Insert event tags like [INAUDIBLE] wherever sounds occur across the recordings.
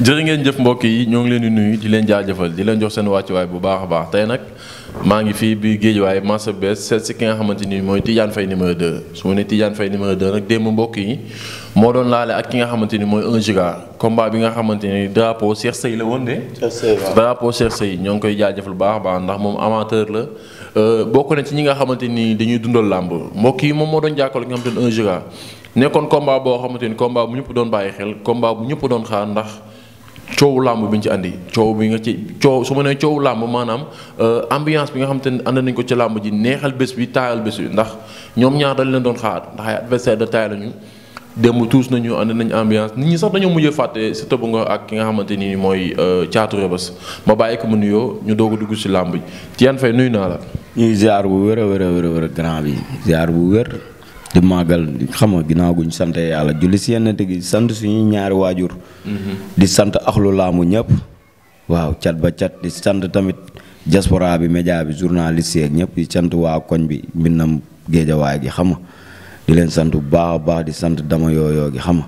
jërë ngeen jëf mbokk yi ñoo ngi leen di nuyu di leen jaajëfal di leen jox seen wàccuwaay bu baax a baax tey nag maa ngi fii bi Géejawaay marché bees seet si ki nga xamante ni mooy Tidiane fay numéro 2 su ma ne Tidiane Faye numéro de nag démb mbokk yi moo doon laale ak ki nga xamante ni mooy 1 giga combat bi nga xamante ni drapeau Cheikh Seye la woon de. Cheikh Seye waaw drapeau ñoo ngi koy jaajëfal bu baax baax ndax moom amateur la euh, bokk na ci ñi nga xamante ni ñuy dundal làmb mbokk yi moom moo doon jàkkaarloo nga xamante ni 1 giga nekkoon combat boo xamante ni combat bu ñëpp doon bàyyi xel combat bu ñëpp doon xaar ndax coowu làmb bi ñu ci indi coow bi nga ci coow su ma nee coowu làmb maanaam euh, ambiance bi nga xamante te ne ànd nañ ko ci làmb ji neexal bés bi taayal bés bi ndax ñoom ñaar dañ leen doon xaar ndax ay adversaire de taille lañu démb tuus nañu ànd nañ ambiance nit ñi sax dañoo mujjee fàtte si bu nga ak ki nga xamante ni mooy Caatu euh, Rebeuss ma bàyyi ko ma nuyoo ñu doog a dugg si làmb ji ci yan fay nuyu naa la. ñuy ziar bu wér a wér a wér grand bi ziar bu wér. di màggal xam nga ginnaaw guñ sant yàlla julli si yenn gi sant suñuy ñaari waajur. Mm-hmm. di sant axlu laamu ñëpp. waaw cat ba cat di sant tamit diaspora bi média bi journaliste yeeg ñëpp di sant waa koñ bi mbindam géejawaay gi xam di leen sant bu baax a baax di sant dama yooyoo gi xam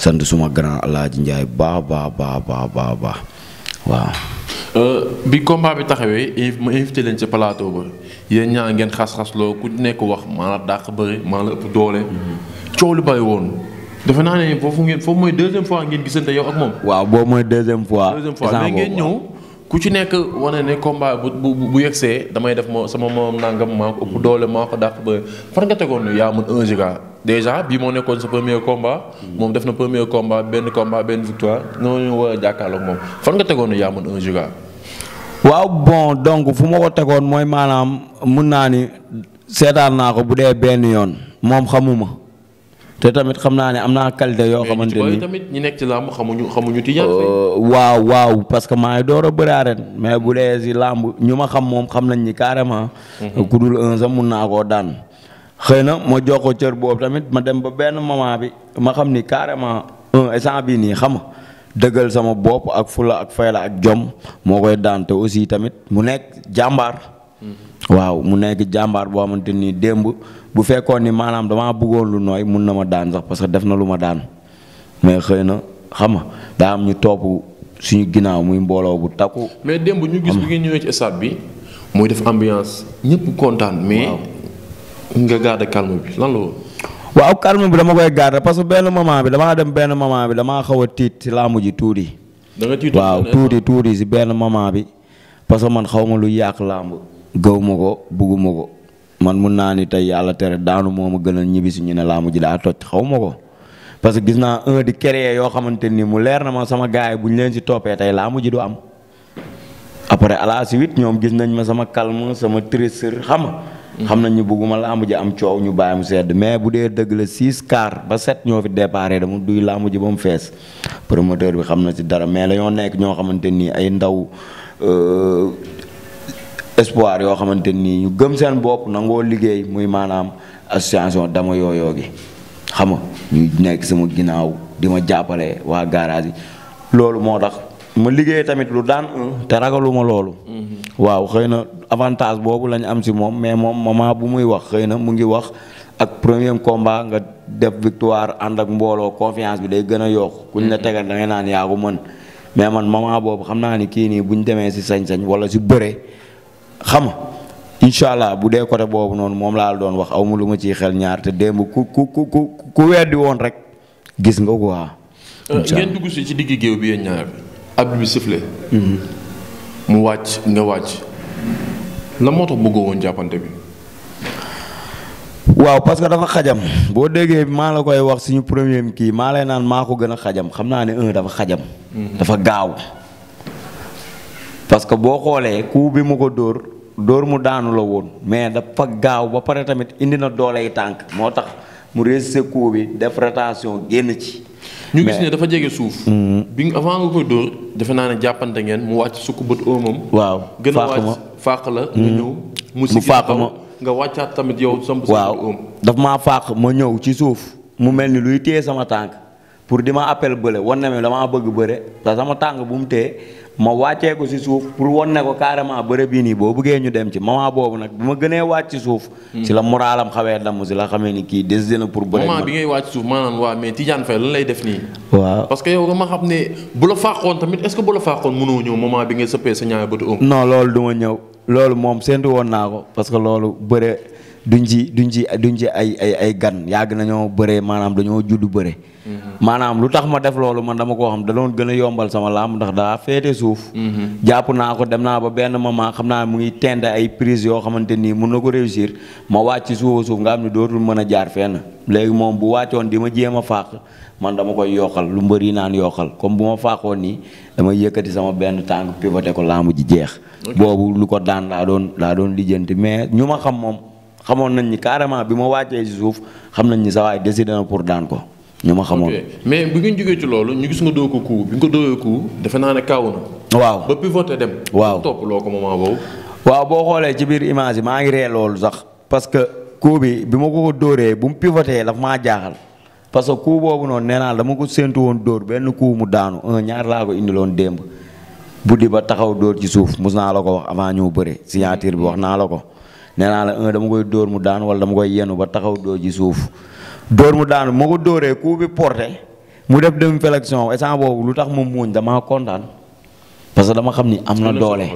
sant suma grand alaaji njaay baax baax baax baax baax waaw. Euh, bi combat bi taxawee ma leen ci plateau ba. yéen ñaa ngeen xas-xas loo ku nekk wax maa la dàq bëri maa la ëpp doole. coow lu bëri woon. defe naa ne foofu ngeen foofu mooy deuxième fois ngeen gisante yow ak moom. waaw boobu mooy deuxième fois. deuxième fois mais ngeen ci nekk wane ne combat bu bu bu yegsee damay def ma sama moom nangam maa ko ëpp doole maa ko dàq ba fan nga tegoon ne yaa mën un giga déjà bii moo nekkoon sa premier combat. moom def na premier combat benn combat benn victoire nga war a jàkkaarloog moom fan nga tegoon ne yaa mën un waaw bon donc fu ma ko tegoon mooy maanaam mun naa ni seetaan naa ko bu dee benn yoon moom xamuma te tamit xam naa ne am naa qualité yoo xamante ni tamit nekk ci làmb xamuñu xamuñu Tidiane Faye euh, waaw waaw parce que maa ngi door a ren mais bu dee si làmb ñu ma xam moom xam nañ ni carrément. Mhm. ku dul mun naa koo daan. xëy na ma jox ko cër boobu tamit ma dem ba benn moment bi ma xam ni carrément un bii nii xama dëggal sama bopp ak fula ak la ak jom moo koy daan te aussi tamit mu nekk jàmbaar. Mm-hmm. waaw mu nekk jàmbaar boo xamante nii démb bu fekkoon ni maanaam damaa bëggoon lu nooy mun na ma daan sax parce que def na lu ma daan mais xëy na xam nga daa am ñu topp suñu ginnaaw muy mbooloo bu takku. mais démb ñu gis bi ngeen ñëwee ci stade bi. muy def ambiance ñëpp kontaan mais. nga garder calme bi lan la waaw calme bi dama koy garder parce que benn moment bi damaa dem benn moment bi damaa xaw a tiit si laamu ji tuuti. da nga tiit waaw tuuti tuuti si benn moment bi parce que man xaw ma lu yàq làmb gaw ma ko bugguma ko man mun naa ni tey yàlla tere daanu moo ma gënal ñibbi si ñu ne laamu ji daa toj xaw ma ko. parce que gis naa un di créer yoo xamante ni mu leer na ma sama gaay bu ñu leen si toppee tey laamu ji du am après à la ñoom gis nañ ma sama calme sama trésor xam nga Mm-hmm. xam nañ ñu bugguma làmb ji am coow ñu bàyyi mu sedd mais bu dee dëgg la six quarts ba sept ñoo fi déparé dama duy làmb ji ba mu fees promoteur bi xam na ci dara mais dañoo nekk ñoo xamante nii ay ndaw euh, espoir yoo xamante nii ñu gëm seen bopp nangoo liggéey muy maanaam association dama yooyoo gi xam nga ñu nekk sama ginnaaw di ma jàppale waa garage yi loolu moo tax ma liggéey tamit lu daan te ragaluma loolu. Mm-hmm. waaw xëy na avantage boobu lañ am si moom mais moom moment bu muy wax xëy na mu ngi wax ak premier combat nga def victoire ànd ak mbooloo confiance bi day gën a ku mm-hmm. kuñ la tegal da ngay naan yaa ko mën mais man moment boobu xam naa ni kii nii bu ñu demee si sañ-sañ wala si bëre xam incha allah bu dee côté boobu noonu moom laa doon wax aw ma lu ma ciy xel ñaar te démb ku ku ku ku weddi woon rek gis nga ko euh, incha allah dugg si ci digg géew bi yéen abdu bi sifflé mu wàcc nga wàcc la moo tax bëggoo woon jàppante bi waaw parce que dafa xajam boo déggee maa la koy wax suñu premier kii maa lay naan maa ko gën a xajam xam naa ne un dafa xajam mhm. dafa gaaw parce que boo xoolee kuu bi mu ko dóor dóor mu daanu la woon mais dafa gaaw ba pare tamit indi na doole yi tànk moo tax mu réussir coup bi def génn ci ñu gis ne dafa jege suuf. Mm-hmm. bi nga avant nga koy dóor defe naa ne jàppante ngeen mu wàcc sukk bët oomam. waaw gën a wàcc fàq la. nga mm-hmm. ñëw mu si fàq ma nga wàccaat tamit yow. samp sa bët oom daf maa fàq ma ñëw ci suuf mu mel ni luy téye sama tànk pour di ma appel bële wan na ma damaa bëgg bëre te sama tànk bu mu téye ma wàccee ko si suuf pour won ne ko carrément bërëb bii nii boo bëggee ñu dem ci moment boobu nag bi ma gënee wàcc ci suuf. si hmm. la moralam xawee damm si la xamee ni kii décidé na pour. bëre moment bi ngay wàcc suuf maanaam waa mais Tidiane Faye lan lay def nii. waaw parce que yow dama xam ne bu la faaxoon tamit est ce bu la faaxoon mënoo ñëw moment bi ngay sëppee sa ñaari bët non loolu du ma ñëw loolu moom séntu woon naa ko parce que loolu bëre duñ ci duñ ci duñ ci ay ay ay gan yàgg nañoo bëree maanaam dañoo juddu bëre. Mm-hmm. maanaam lu tax ma def loolu man dama koo xam da doon gën a yombal sama làmb ndax daa féete suuf. Mm-hmm. jàpp naa ko dem naa ba benn moment xam naa mu ngi tende ay prise yoo xamante nii mun na ko réussir ma wàcc suufa suuf nga xam ne dootul mën a jaar fenn léegi moom bu wàccoon di ma jéem a fàq man dama koy yokkal lu mbër yi naan yokkal comme bu ma fàqoon nii dama yëkkati sama benn tànk pivoté ko làmb ji jeex. boobu lu ko daan laa doon laa doon lijjanti mais ñu ma xam moom. xamoon nañ ni carrément bi ma wàccee ci suuf xam nañ ni sa waay na pour daan ko ñu ma xamoon. mais bu ngeen jógee ci loolu ñu gis nga doo ko kuu bi ko doo kuu defe naa ne kaaw waaw ba dem. waaw topp loo ko moment boobu. waaw boo xoolee ci biir image maa ngi loolu sax parce que coup bi bi ma ko ko dóoree bu mu pivoté daf maa jaaxal. parce que coup boobu noonu nee naa dama ko séntu woon dóor benn coup mu daanu ñaar laa ko indiloon démb buddi ba taxaw dóor ci suuf mus naa la ko wax avant ñoo bëre signature bi wax naa la ko. nee naa la dama koy dóor mu daan wala dama koy yenu ba taxaw dóor ji suuf dóor mu daan moo ko dóoree coup bi porté mu def dem flexion instant boobu lu tax ma muuñ damaa kontaan parce que dama xam ni am na doole.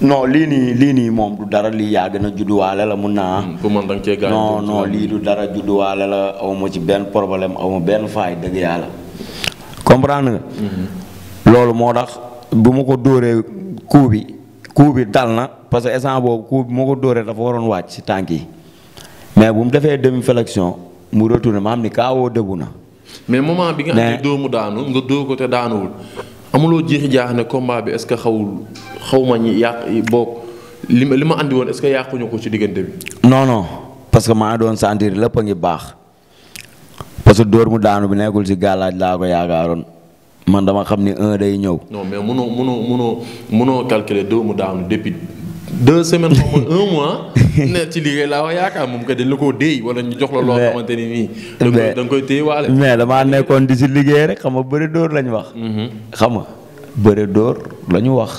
non lii nii lii moom dara lii yaa gën judduwaale la mun naa. Hmm, pour da nga cee lii du dara judduwaale la ci benn problème aw ma benn dëgg yàlla. comprendre hmm. moo tax bu ma ko dóoree coup bi bi dal na. parce que instant boobu coup bi moo ko dóoree dafa waroon wàcc si tànk yi mais bu mu defee demi flexion mu na ma xam ni kaawoo dëggu na. mais moment bi nga xam ne doomu daanu nga dóor ko te daanuwul. amuloo jiixi jaax ne combat bi est-ce que xawul xaw ma ñu yàq boog li ma li ma andi woon est que yàquñu ko ci diggante bi. non non parce que maa doon sentir lépp a ngi baax parce que dóor mu daanu bi nekkul si gàllaaj laa ko yaakaaroon man dama xam ni un day ñëw. non mais mënoo mënoo mënoo mënoo calculer dóor mu daanu depuis. deux semaines xaw un mois. ne ci liggéey laa wax yaakaar moom que dañ la koo déy wala ñu jox la loo xamante ni nii. da koy téye waale. mais nekkoon di si liggéey rek xam nga bëri dóor lañ wax. Mm-hmm. xam nga bëri dóor la ñu wax.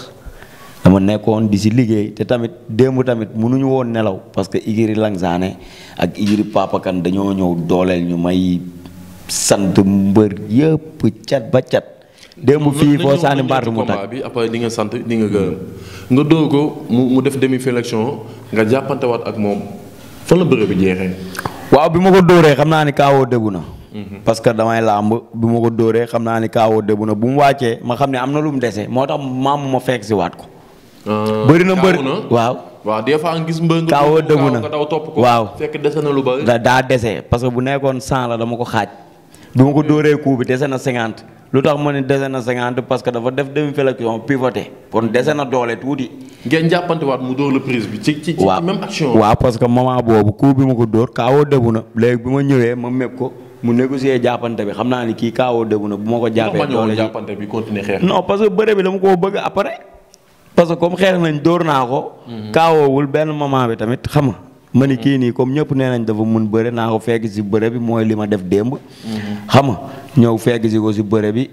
dama nekkoon di si liggéey te tamit démb tamit mënuñu woon nelaw parce que igiri langsaane ak igiri papakan dañoo ñëw dooleel ñu may sant mbër yëpp cat ba cat. démb fii foo saani mbaatu mu tàgg bi di nga sant di nga gërëm nga dóor ko mu mu def demi flexion nga jàppante waat ak moom fan la bëre bi jeexee. waaw bi ma ko dóoree xam naa ni kaawoo déggu na. Mhm. parce que damay làmb bi ma ko dóoree xam naa ni kaawoo déggu na bu mu wàccee ma xam ne am na lu mu dese moo tax maam ma fekk si waat ko. Ah, bëri na mbër waaw. waaw des fois nga gis mbëng kaawoo dëggu na daw waaw fekk dese na lu bëri. daa dese parce que bu nekkoon 100 la dama ko xaaj. bi ma ko dóoree coup bi dese na 50. lu tax ma ne dese na cinquante parce que dafa def demi-flexion pivoté kon dese na doole tuuti. ngeen jàppantewaat mu bi. ci ci que moment boobu coup bi ma ko dóor kaawoo dëbu na léegi bi ma ñëwee ma méb ko mu négocier jàppante bi xam naa ni kii kaawoo dëbu na bu ma ko. jàppee doole jàppante bi continuer xeex. que bëre bi dama koo bëgg après parce que comme xeex nañ dóor naa ko. Mhm. kaawoo wul benn moment bi tamit xam nga ma ni kii nii comme ñëpp nee nañ dafa mun bëre naa ko fekk si bëre bi mooy li ma def démb. xam nga ñëw fekk si ko si bëre bi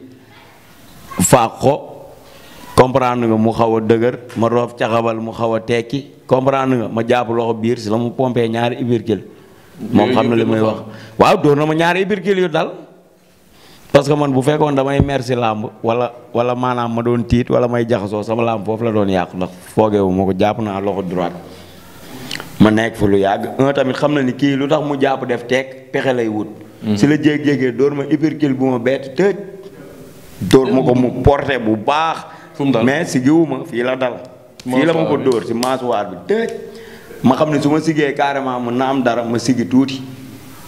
faaq ko comprendre nga mu xaw a dëgër ma roof caxabal mu xaw a tekki comprendre nga ma jàpp loxo biir si la mu pompé ñaari ibirkil moom xam na li may wax waaw dóor na ma ñaari ibirkil yu dal. parce que man bu fekkoon damay mer làmb wala wala maanaam ma doon tiit wala may jaxasoo sama làmb foofu la doon yàqu ndax foogeewu ma ko jàpp naa loxo droite. ma nekk fa lu yàgg un tamit xam na ni kii lu tax mu jàpp def teeg pexe lay wut. Mhm. si la jéeg-jéegee dóor ma hypercule bu ma bett tëj. dóor ma ko mu porté bu baax. mais si giwu ma fii la dal. fii la ma ko dóor si maasuwaar bi tëj. ma xam ne su ma sigee carrément mu naam dara ma sigi tuuti.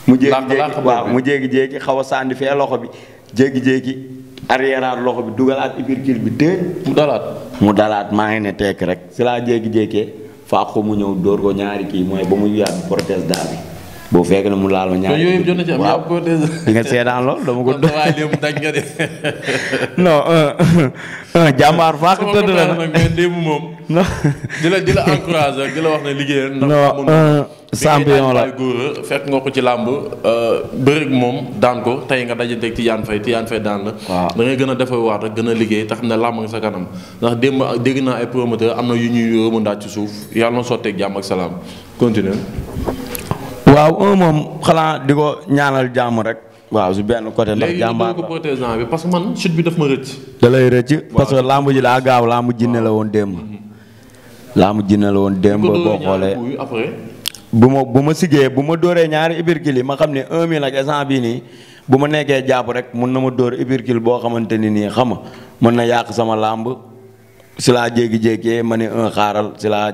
mu jéegi-jéegi waaw mu jéegi jéeki xaw a sànni fee loxo bi jéegi-jéegi. arrière loxo bi dugalaat hypercule bi tëj. mu dalaat mu dalaat maa ngi ne tekk rek si laa jéegi-jéegee. faax ko mu ñëw dóor ko ñaari kii mooy ba mu yàgg protest daal bi boo fekk na mu laal ma ñaari yooyu jot na ci am waaw [LAUGHS] di nga seedaan lool dama ko doon waaye léegi dañ nga de [LAUGHS] la nag mais démb moom di [LAUGHS] champion la góor fekk nga ko ci làmb euh, bëri moom daan ko tey nga dajanteeg Tidiane Faye Tidiane Faye daan la da ngay gën a defar waat rek gën a liggéey te xam ne làmb nga sa kanam ndax démb dégg naa ay promoteur am na yu ñuy remondaat ci suuf yàlla na sotteeg jàmm ak salaam continue waaw un moom xanaa di ko ñaanal jàmm rek waaw su benn côté ndax jàmbaar ko protestant bi parce que man chute bi daf ma rëcc da rëcc parce que làmb ji daa gaaw mhm. làmb jinne la woon démb làmb jinne la woon démb boo xoolee bu ma bu ma sigee bu ma dooree ñaari yi ma xam ne 1000 ak instant bii nii bu ma nekkee jàpp rek mun na ma dóor ibirkil boo xamante ni nii xam nga mën na yàq sama làmb si laa jékki-jékkee ma ne un xaaral si laa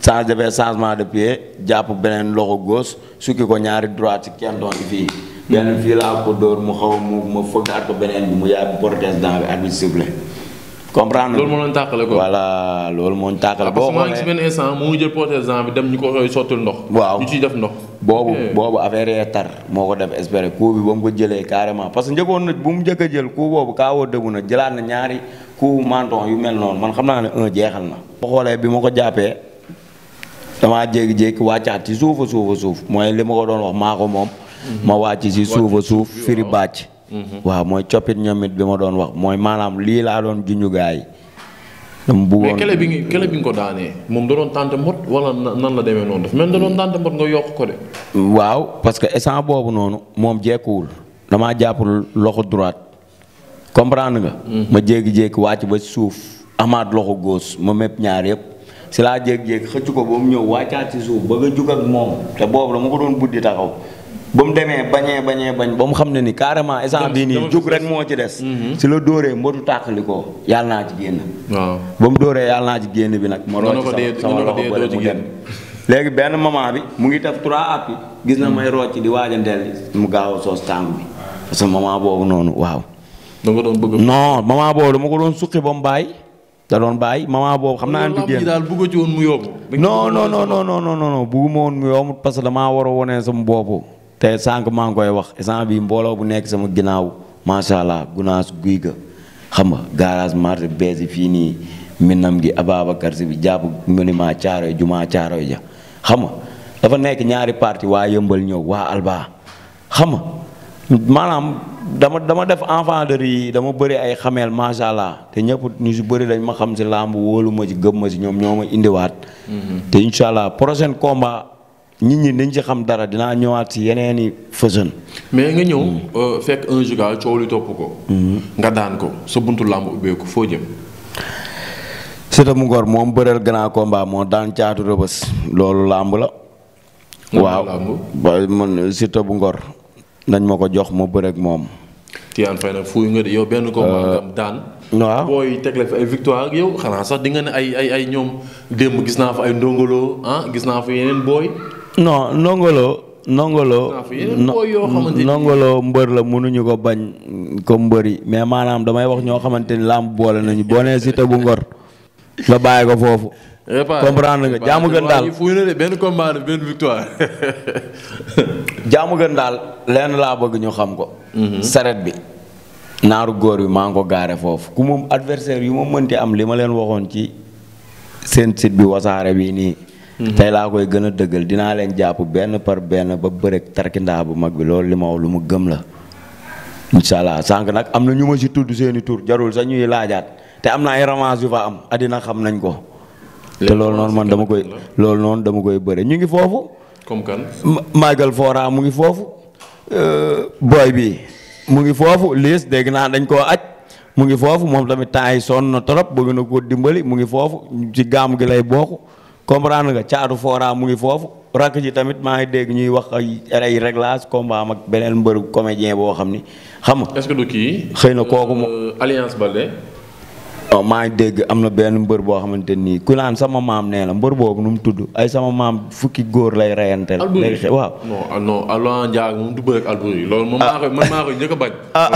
change de changement de pied jàpp beneen loxo gauche sukki ko ñaari droite si kenn doon fii. benn fii laa ko dóor mu xaw mu ma fëggaat ko beneen bi mu yaay portes dent bi at bi comprendre loolu moo leen tàqale ko voilà loolu moo ñu tàqale. boo xoolee parce que benn instant mu ngi jël protège bi dem ñu ko koy sottil ndox. waaw ñu ciy def ndox. boobu eh. boobu affaire yee tar moo ko def espérer coup bi ba mu ko jëlee carrément parce que njëkkoon na bu mu njëkk a jël coup boobu kaawoo dëggu na jëlaat na ñaari ku menton yu mel noonu man xam naa ne jeexal na. boo xoolee bi ma ko jàppee damaa jékki-jékki wàccaat ci suufa suufa suuf mooy li ma ko doon wax maako moom. Mm-hmm. ma wàcc ci suufa suuf firi bàcc. Mm-hmm. waaw mooy coppit ñoom bi ma doon wax mooy maanaam lii laa doon juñu gaa yi. dama bëggoon kele bi nga bi nga ko daanee moom da doon tànte mbot wala nan la demee noonu daf mel da doon tànte mbot nga yokk ko de. waaw parce que instant boobu noonu moom jekkuwul damaa jàppul loxo droite comprend nga. Mm-hmm. ma jékki-jékki wàcc ba suuf amaat loxo gauche ma mépp ñaar yëpp si laa jékki-jékki xëcc ko ba mu ñëw wàccaat si suuf ba a jug ak moom te boobu dama ko doon buddi taxaw. ba mu demee bañee bañee bañ ba mu xam ne ni carrément instant bii nii jug rek moo ci des. Mm-hmm. si la dóoree mbootu tàqali ko yàlla naa ci génn. waaw ba mu dóoree yàlla naa ci génn bi nag. ma rocc sama sama loxo bële mu dem léegi benn moment bi mu ngi def trois appuis gis na mm-hmm. may rocc di waajandeel mu gaaw a soos tàng bi parce que boobu noonu waaw. da nga doon bëgg non moment boobu dama ko doon suqi ba mu bàyyi. da doon bàyyi moment boobu xam naa. loolu daal mu yomb. non non non non non woon mu yomb parce que damaa war a wone sama bopp te sànq maa ngi koy wax instant bi mbooloo bu nekk sama ginnaaw macha allah gunaas guy ga xam nga garage marché bees yi fii nii minam gi Ababacar si bi jàpp monument Caaroy jumaa Caaroy ja xam nga dafa nekk ñaari parti waa yëmbal ñëw waa Alba xam nga maanaam dama dama def enfant de rue dama bëri ay xameel macha allah te ñëpp ñu si bëri dañ ma xam si làmb wóolu ma si gëm ma si ñoom ñoo ma indiwaat. Mm-hmm. te incha allah prochain combat. nit ñi dañ ci xam dara dinaa ñëwaat si yeneen i façon mais nga ñëw euh, fekk un giga coow li topp ko. Mm-hmm. nga daan ko sa buntu làmb ubbeeku foo jëm. Siteu mu ngor moom bëreel grand combat moo daan caatu rëbës loolu làmb la. waaw bu ngor nañ ma ko jox ma bëreeg moom. Tidiane Faye nag fuuy nga de yow benn combat euh, nga daan. waaw booy tegle fi ay victoire ak yow xanaa sax di nga ne ay ay ay ñoom démb gis naa fa ay ndongolo ah gis naa fi yeneen booy. non nongolo. nongolo nongolo mbër la mënuñu ko bañ ko yi mais maanaam damay wax ñoo xamante ni làmb boole nañu boo nee Siteu bu Ngor nga bàyyi ko foofu. Eh, comprendre nga jaamu gën daal benn combat benn victoire. [LAUGHS] jaamu gën daal lenn laa bëgg ñu xam ko. Mhm. saret bi. naaru góor bi maa ngi ko gaare foofu ku moom adversaire yu ma mënti am li ma leen waxoon ci seen sit bi wasaare bi nii. Mhm. tey laa koy gën a dëggal dinaa leen jàpp benn par benn ba bërek tarkindaa bu mag bi loolu li ma lu mu gëm la. incha allah sànq nag am na ñu ma si tudd seen i tur jarul sax ñuy laajaat te am na ay revanche yu fa am addina xam nañ ko. te loolu noon man dama koy loolu noonu dama koy bëre ñu ngi foofu. comme kan. Michael Fora mu ngi foofu. Euh, boy bi mu ngi foofu liis dégg naa dañ koo aj mu ngi foofu moom tamit temps yi sonn na trop bëgg na koo dimbali mu ngi foofu ci gaam gi lay bokk. comprendre nga caatu foora mu ngi foofu rakk ji tamit maa ngi dégg ñuy wax ay ay réglage combat am ak beneen mbëru comédien boo xam ni xam nga. est-ce que du kii. xëy na kooku euh, moom alliance Balde. non maa ngi dégg am na benn mbër boo xamante nii ku naan sama maam nee la mbër boobu nu mu tudd ay sama maam fukki góor lay reyanteel. léegi waaw. non ah ah. maa koy njëkk bañ. ah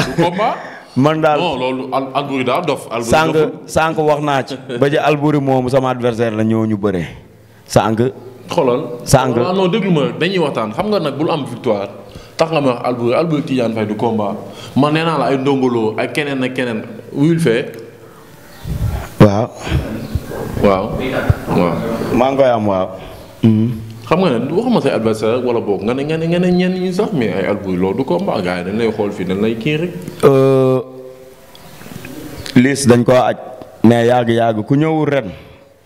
man daal non loolu Alboury daal dof. sànq sànq wax naa ci. [LAUGHS] ba ci Alboury moomu sama adversaire la ñoo ñu bëree. sànq. xoolal sànq waaw ah, non déglu ma dañuy waxtaan xam nga nag bul am victoire tax nga ma wax Alboury Alboury Tidiane Faye du combat man nee naa la ay ndongolo ay keneen ak keneen wuyul fee. waaw. waaw. maa ngi koy am waaw. Hmm. xam nga ne waxuma say adversaire wala boog nga ne nga ne nga ne ñenn ñi sax mais ay albuy loolu du combat gars yi dañ lay xool dañ lay kii euh, koo aj mais yàgg yàgg ku ñëwul ren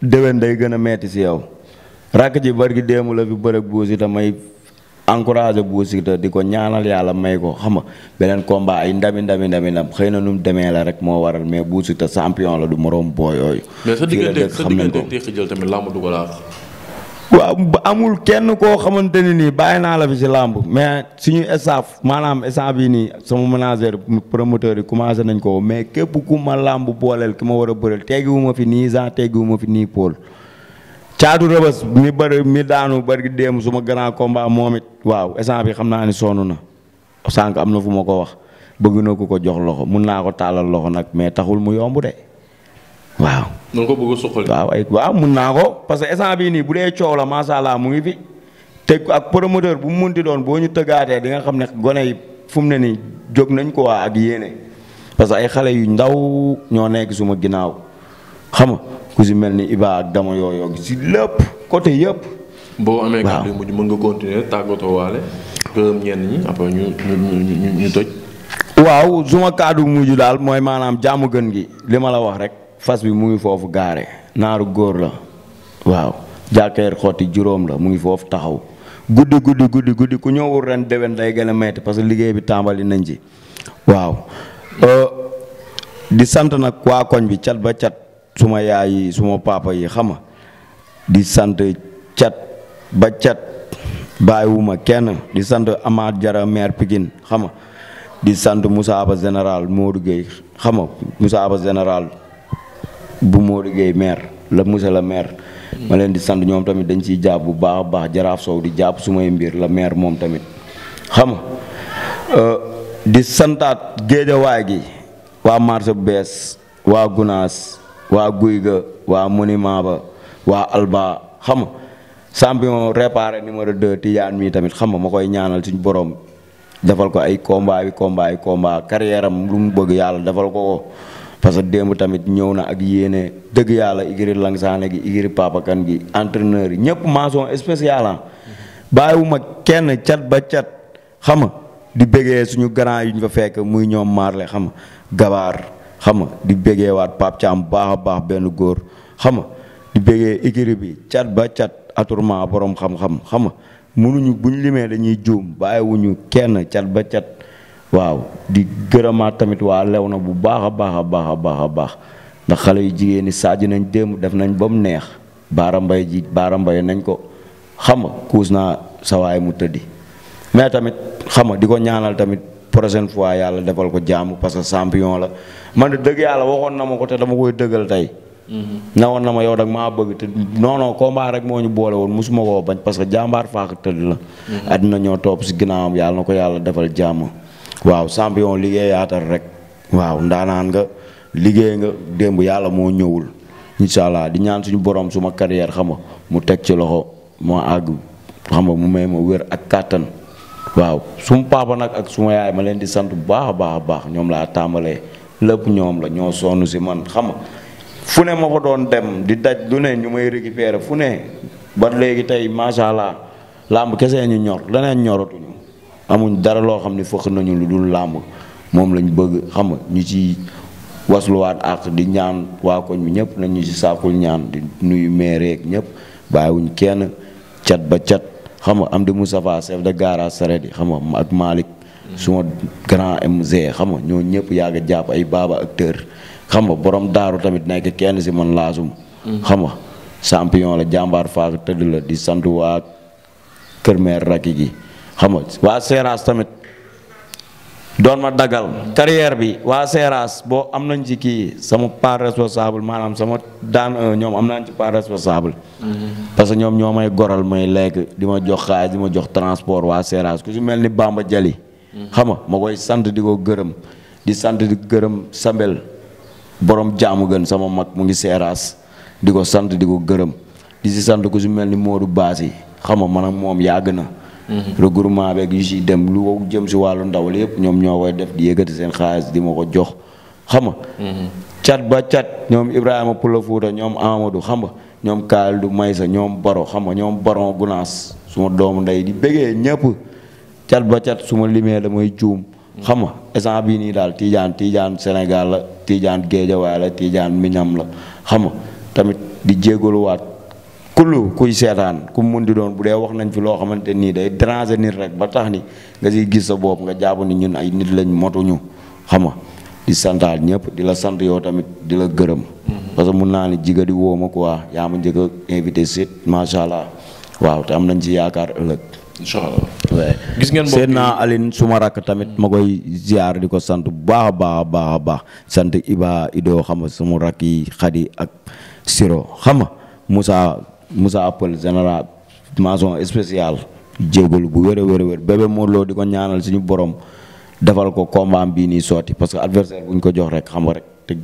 déwén day gën a metti si yow rakk ji barki déemu la fi bërëg Bou Siteu may encouragé Bou Siteu di ko ñaanal yàlla may ko xam nga beneen combat ay ndami ndami ndami ndam xëy na nu mu demee la rek moo waral mais Bou Siteu champion la du moroom boo yooyu. fii la dëkk xam nañ ko sa diggante sa diggante ko laax. waaw amul kenn koo xamante ne nii bàyyi naa la fi si làmb mais suñu staff maanaam staff yi nii sama manager promoteur yi commencé nañ ko mais képp ku ma làmb booleel ki ma war a bëreel teggiwu ma fi nii Jean teggiwu ma fi nii Paul. caatu rëbës mi bëri mi daanu bëri déem suma grand combat moom it waaw instant yi xam naa ni sonn na sànq am na fu ma ko wax bëgg na ku ko jox loxo mun naa ko tàllal loxo nag mais taxul mu yomb de. waaw. na ko bëgg waaw ay waaw mun naa ko parce que instant bii nii bu dee coow la macha allah mu ngi fi te ak promoteur bu mu mun ti doon boo ñu tëggaatee dinga xam ne gone yi fu mu ne nii jóg nañ ko waa ak yéene parce que ay xale yu ndaw ñoo nekk suma ginnaaw xam nga ku si mel ni Iba ak Dama yooyu si lépp côté yëpp. boo amee kàddu mujj mën nga continuer tàggatoo waale. gërëm ñenn ñi après ñu ñu ñu toj. waaw suma kàddu mujj daal mooy maanaam jaamu gën gi li ma la wax rek. fas bi mu ngi foofu gaare naaru góor la waaw jàkkeer xotti juróom la mu ngi foofu taxaw guddi guddi guddi guddi ku ñëwul ren déwén day gën a metti parce que liggéey bi tàmbali nañ ci waaw euh, di sant nag waa koñ bi cat ba cat suma yaay yi suma papa yi xama di sant cat ba cat bàyyiwuma kenn di sant Amath Jara maire Pikine di sant Moussa général moo Gueye xam nga Moussa Aba général bu Modou Gueye maire la monsieur le maire. ma leen di sant ñoom tamit dañ ciy jàpp bu baax baax jaraaf Sow di jàpp sumay mbir la maire moom tamit xam nga euh, di santaat géejawaay gi waa marché bu bees waa Gunaas waa Guy waa Monument ba waa Alba xam nga champion réparé numéro 2 Tidiane mii tamit xama ma koy ñaanal suñ borom defal ko ay combat yi combat yi combat lu mu bëgg yàlla defal ko ko. parce que démb tamit ñëw na ak yéene dëgg yàlla igiri langsaane gi igiri papakan gi entraîneur yi ñëpp mention spéciale ah bàyyiwuma kenn cat ba cat xam di bëggee suñu grand yu ñu fa fekk muy ñoom maarle xam nga gabaar xam di bëggee waat Pape Thiam baax a baax benn góor xam nga di bëggee igiri bi cat ba cat atourment borom xam-xam xam nga mënuñu buñ limee dañuy juum bàyyiwuñu kenn cat ba cat waaw di gërëmaat tamit waa lew na bu baax a baax a baax a baax a baax ndax xale yu jigéen ñi saaji nañ démb def nañ ba mu neex baara mbay jiit baara mbay nañ ko xam nga kuus naa sa mu tëddi mais tamit xam nga di ko ñaanal tamit prochaine fois yàlla defal ko jaamu parce que champion la man de dëgg yàlla waxoon na ma ko te dama koy dëggal tey. Mm-hmm. woon na ma yow dag maa bëgg te noonoo non combat rek moo ñu boole woon mosuma koo bañ parce que jàmbaar faax tëdd la. Mm-hmm. àddina ñoo topp si ginnaawam yàlla na ko yàlla defal jaamu. waaw champion liggéeyaatal rek waaw ndaanaan nga liggéey nga démb yàlla moo ñëwul incha allah di ñaan suñu borom suma carrière xam nga mu teg ci loxo moo àgg xam nga mu may ma wér ak kàttan waaw suma papa nag ak suma yaay ma leen di sant bu baax a baax a baax ñoom laa tàmbalee lépp ñoom la ñoo sonn si man xam fu ne ma fa doon dem di daj lu ne ñu may récupérer fu ne ba léegi tey macha allah làmb kese ñu ñor leneen ñoratuñu. amuñ dara loo xam ne fëq nañu lu dul làmb moom lañu bëgg xam nga ñu ci wasluwaat ak di ñaan waa koñ bi ñëpp nañ ñu ci saakul ñaan di nuyu maire ak ñëpp bàyyiwuñ kenn cat ba cat xam am di Moustapha chef de garage saret yi xam ak Malick suma grand MG xam ñoo ñëpp yàgg jàpp ay baaba acteur xam nga boroom daaru tamit nekk kenn si man laasum mm-hmm. xam nga champion la jàmbaar faak tëdd la di sant waa kër meer rakki gi xam nga waa Seras tamit doon ma dagal carrière bi waa Seras boo am nañ ci kii sama part responsable maanaam sama daan ñoom am nañ ci part responsable. Mm-hmm. parce que ñoom ñoo may goral may lekk di ma jox xaalis di ma jox transport waa Seras ku si mel ni Bamba Jali. Mm-hmm. xam nga ma koy sant di ko gërëm di sant gërëm Sambel borom jaamu gën sama mag mu ngi Seras di ko sant di ko gërëm di si sant ku si mel ni Modou Baas yi xam nga moom yàgg na. regroupement beeg yu si dem lu jëm si wàllu ndaw li yëpp ñoom ñoo koy def di yëkkati seen xaalis di ma ko jox xam nga. cat ba cat ñoom Ibrahima Pula Fuuta ñoom Amadou xam ñoom ñoom du Maysa ñoom Baro xam nga ñoom Baron Gunaas ma doomu ndey di bëggee ñëpp cat ba cat su ma limee damay juum. xam nga instant bii nii daal Tidiane Tidiane Sénégal la Tidiane Guédiawaye la Tidiane Mignane la xam nga tamit di jégaluwaat. kullu kuy seetaan ku mun di doon bu dee wax nañ fi loo xamante nii day déranger nit rek ba tax ni nga siy gis sa bopp nga jàpp ni ñun ay nit lañ motuñu xam nga di santaal ñëpp di la sant yoo tamit di la gërëm. Mm-hmm. parce que mun naa ne jiga woo ma quoi yaa ma njëkk a macha allah waaw te am nañ ci yaakaar ëllëg. gis ngeen mbokk yi seet naa Aline suma rakk tamit ma koy ziar di ko sant bu baax a baax a baax sant Iba Ido xam nga suma rakk yi Xadi ak Siro xam nga Moussa Apple général mason spécial jégalu bu wér a wér a bébé Modou di ko ñaanal suñu borom defal ko combat bii nii sotti parce que adversaire bu ñu ko jox rek xam nga rek te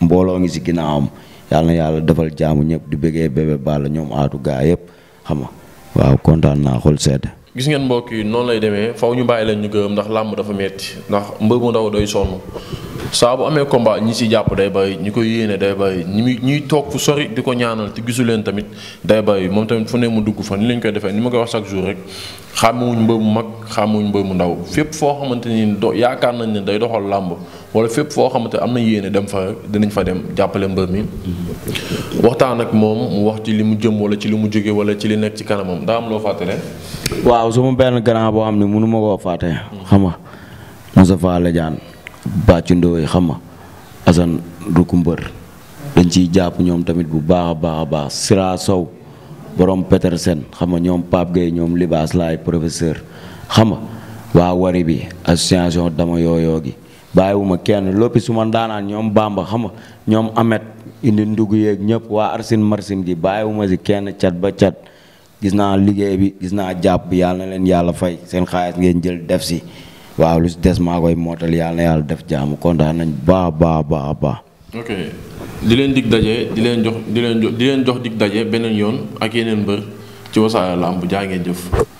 mbooloo ngi si ginnaawam yàlla na yàlla defal jaamu ñëpp di bëggee bébé Balla ñoom aatu gaa yëpp xam nga waaw kontaan naa xol sedd. gis ngeen mbokk yi noonu lay demee faw ñu bàyyi leen ñu gëm ndax làmb dafa metti ndax mbër mu ndaw doy sonn. saa bu amee combat ñi ci jàpp day bàyyi ñi koy yéene day bàyyi ñi muy ñuy toog fu sori di ko ñaanal te gisu leen tamit day bàyyi moom tamit fu ne mu dugg fa ni lañ koy defee ni ma koy wax chaque jour rek xàmmewuñ mbër mu mag xàmmewuñ mbër mu ndaw fépp foo xamante ni do yaakaar nañ ne day doxal làmb wala fépp foo xamante am na yéene dem fa dinañ fa dem jàppale mbër mi waxtaan ak moom mu wax ci li mu jëm wala ci li mu jóge wala ci li nekk ci kanamam daa am loo fàttale waaw sama benn grand boo xam ne mënu ma koo fàtte xam nga Moussa Fall Diagne bàccu ndooy xam asan ruku mbër dañ ciy jàpp ñoom tamit bu baax a baax a baax Sira Sow borom Petersen xam nga ñoom Pape Gueye ñoom Libaas Laay professeur xam nga waa wari bi association dama yooyoo gi bàyyiwuma kenn loppi suma ma ndaanaan ñoom Bamba xam nga ñoom Amet indi ndugg yeeg ñëpp waa arsin marsin gi bàyyiwuma si kenn cat ba cat gis naa liggéey bi gis naa jàpp yàlla leen yàlla fay seen xaalis ngeen jël def si waaw lu si des maa koy mootal yàlla na yàlla def jaamu kontaan nañ baa baa baa baax. ok di leen dig daje di leen jox di leen jox di leen jox dig daje beneen yoon ak yeneen mbër ci Wassare Lamb jaa ngeen jëf.